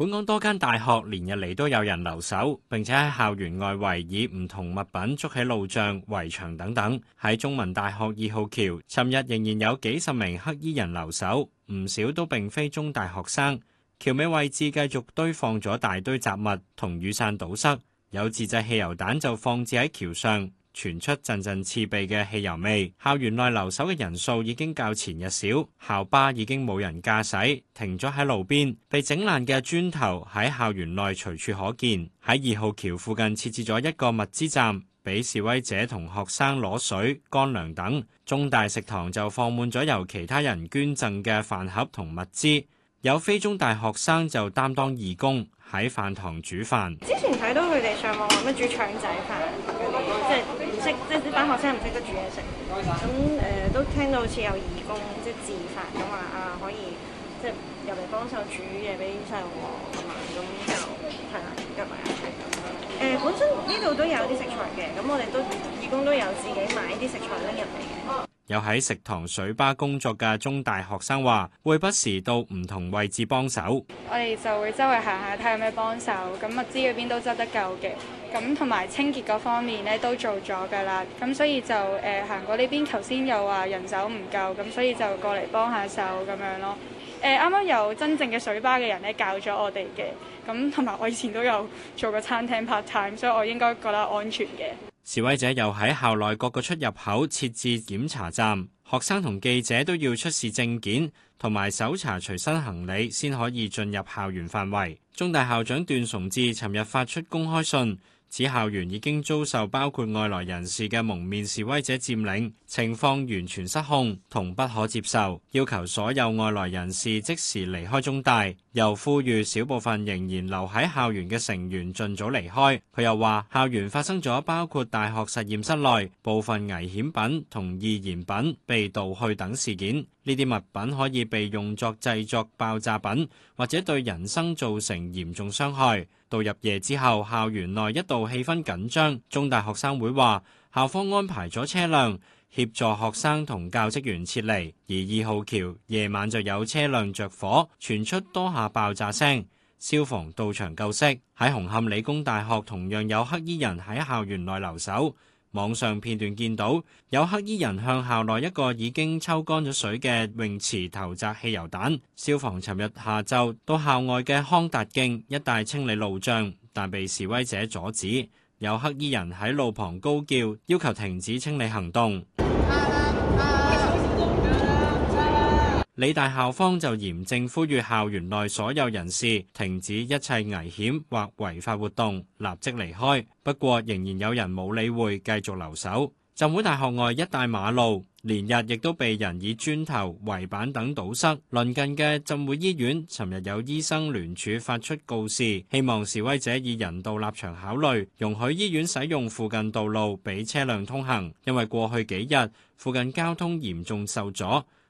本港多間大學連日嚟都有人留守，並且喺校園外圍以唔同物品築起路障、圍牆等等。喺中文大學二號橋，尋日仍然有幾十名黑衣人留守，唔少都並非中大學生。橋尾位置繼續堆放咗大堆雜物同雨傘堵塞，有自製汽油彈就放置喺橋上。傳出陣陣刺鼻嘅汽油味。校園內留守嘅人數已經較前日少，校巴已經冇人駕駛，停咗喺路邊。被整爛嘅磚頭喺校園內隨處可見。喺二號橋附近設置咗一個物資站，俾示威者同學生攞水、乾糧等。中大食堂就放滿咗由其他人捐贈嘅飯盒同物資。有非中大學生就擔當義工，喺飯堂煮飯。之前睇到佢哋上網乜煮腸仔飯。學生唔識得煮嘢食，咁、嗯、誒、呃、都聽到好似有義工即自發咁話啊，可以即入嚟幫手煮嘢俾細路食啊嘛，咁就係啦，夾埋一齊咁。誒、呃，本身呢度都有啲食材嘅，咁我哋都義工都有自己買啲食材拎入嚟嘅。有喺食堂水吧工作嘅中大學生話，會不時到唔同位置幫手。我哋就會周圍行下，睇下有咩幫手。咁物資嗰邊都執得夠嘅，咁同埋清潔嗰方面咧都做咗噶啦。咁所以就誒行過呢邊，頭先又話人手唔夠，咁所以就過嚟幫下手咁樣咯。誒啱啱有真正嘅水吧嘅人咧教咗我哋嘅，咁同埋我以前都有做過餐廳 part time，所以我應該覺得安全嘅。示威者又喺校內各個出入口設置檢查站，學生同記者都要出示證件同埋搜查隨身行李，先可以進入校園範圍，中大校長段崇智尋日發出公開信。此校園已經遭受包括外來人士嘅蒙面示威者佔領，情況完全失控同不可接受，要求所有外來人士即時離開中大，又呼籲少部分仍然留喺校園嘅成員盡早離開。佢又話，校園發生咗包括大學實驗室內部分危險品同易燃品被盜去等事件。呢啲物品可以被用作製作爆炸品，或者對人身造成嚴重傷害。到入夜之後，校園內一度氣氛緊張。中大學生會話，校方安排咗車輛協助學生同教職員撤離，而二號橋夜晚就有車輛着火，傳出多下爆炸聲，消防到場救熄。喺紅磡理工大學，同樣有黑衣人喺校園內留守。網上片段見到有黑衣人向校內一個已經抽乾咗水嘅泳池投擲汽油彈。消防尋日下晝到校外嘅康達徑一帶清理路障，但被示威者阻止。有黑衣人喺路旁高叫，要求停止清理行動。啊啊理大校方就嚴正呼籲校園內所有人士停止一切危險或違法活動，立即離開。不過，仍然有人冇理會，繼續留守。浸會大學外一帶馬路連日亦都被人以磚頭、圍板等堵塞。鄰近嘅浸會醫院，尋日有醫生聯署發出告示，希望示威者以人道立場考慮，容許醫院使用附近道路俾車輛通行，因為過去幾日附近交通嚴重受阻。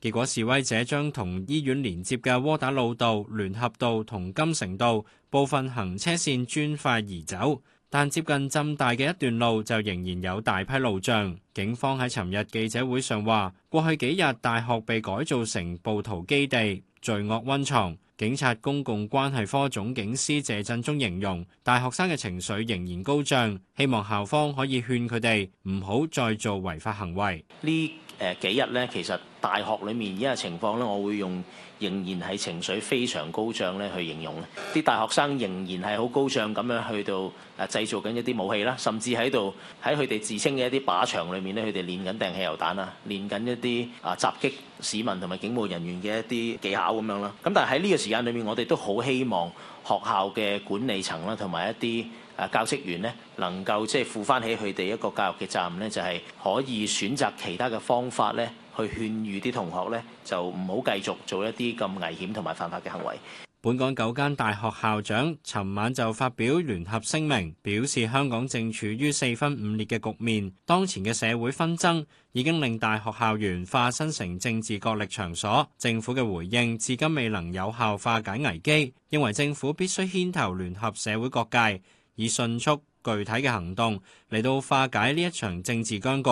結果示威者將同醫院連接嘅窩打老道、聯合道同金城道部分行車線磚塊移走，但接近浸大嘅一段路就仍然有大批路障。警方喺尋日記者會上話，過去幾日大學被改造成暴徒基地、罪惡温床。警察公共關係科總警司謝振中形容，大學生嘅情緒仍然高漲，希望校方可以勸佢哋唔好再做違法行為。呢誒幾日咧，其實大學裏面而家情況咧，我會用仍然係情緒非常高漲咧去形容。啲大學生仍然係好高漲咁樣去到誒製造緊一啲武器啦，甚至喺度喺佢哋自稱嘅一啲靶場裏面咧，佢哋練緊掟汽油彈啊，練緊一啲啊襲擊市民同埋警務人員嘅一啲技巧咁樣啦。咁但係喺呢個時時間裏面，我哋都好希望學校嘅管理層啦，同埋一啲誒教職員咧，能夠即係負翻起佢哋一個教育嘅責任咧，就係可以選擇其他嘅方法咧，去勸喻啲同學咧，就唔好繼續做一啲咁危險同埋犯法嘅行為。本港九間大學校長尋晚就發表聯合聲明，表示香港正處於四分五裂嘅局面，當前嘅社會紛爭已經令大學校園化身成政治角力場所，政府嘅回應至今未能有效化解危機，認為政府必須牽頭聯合社會各界，以迅速具體嘅行動嚟到化解呢一場政治僵局。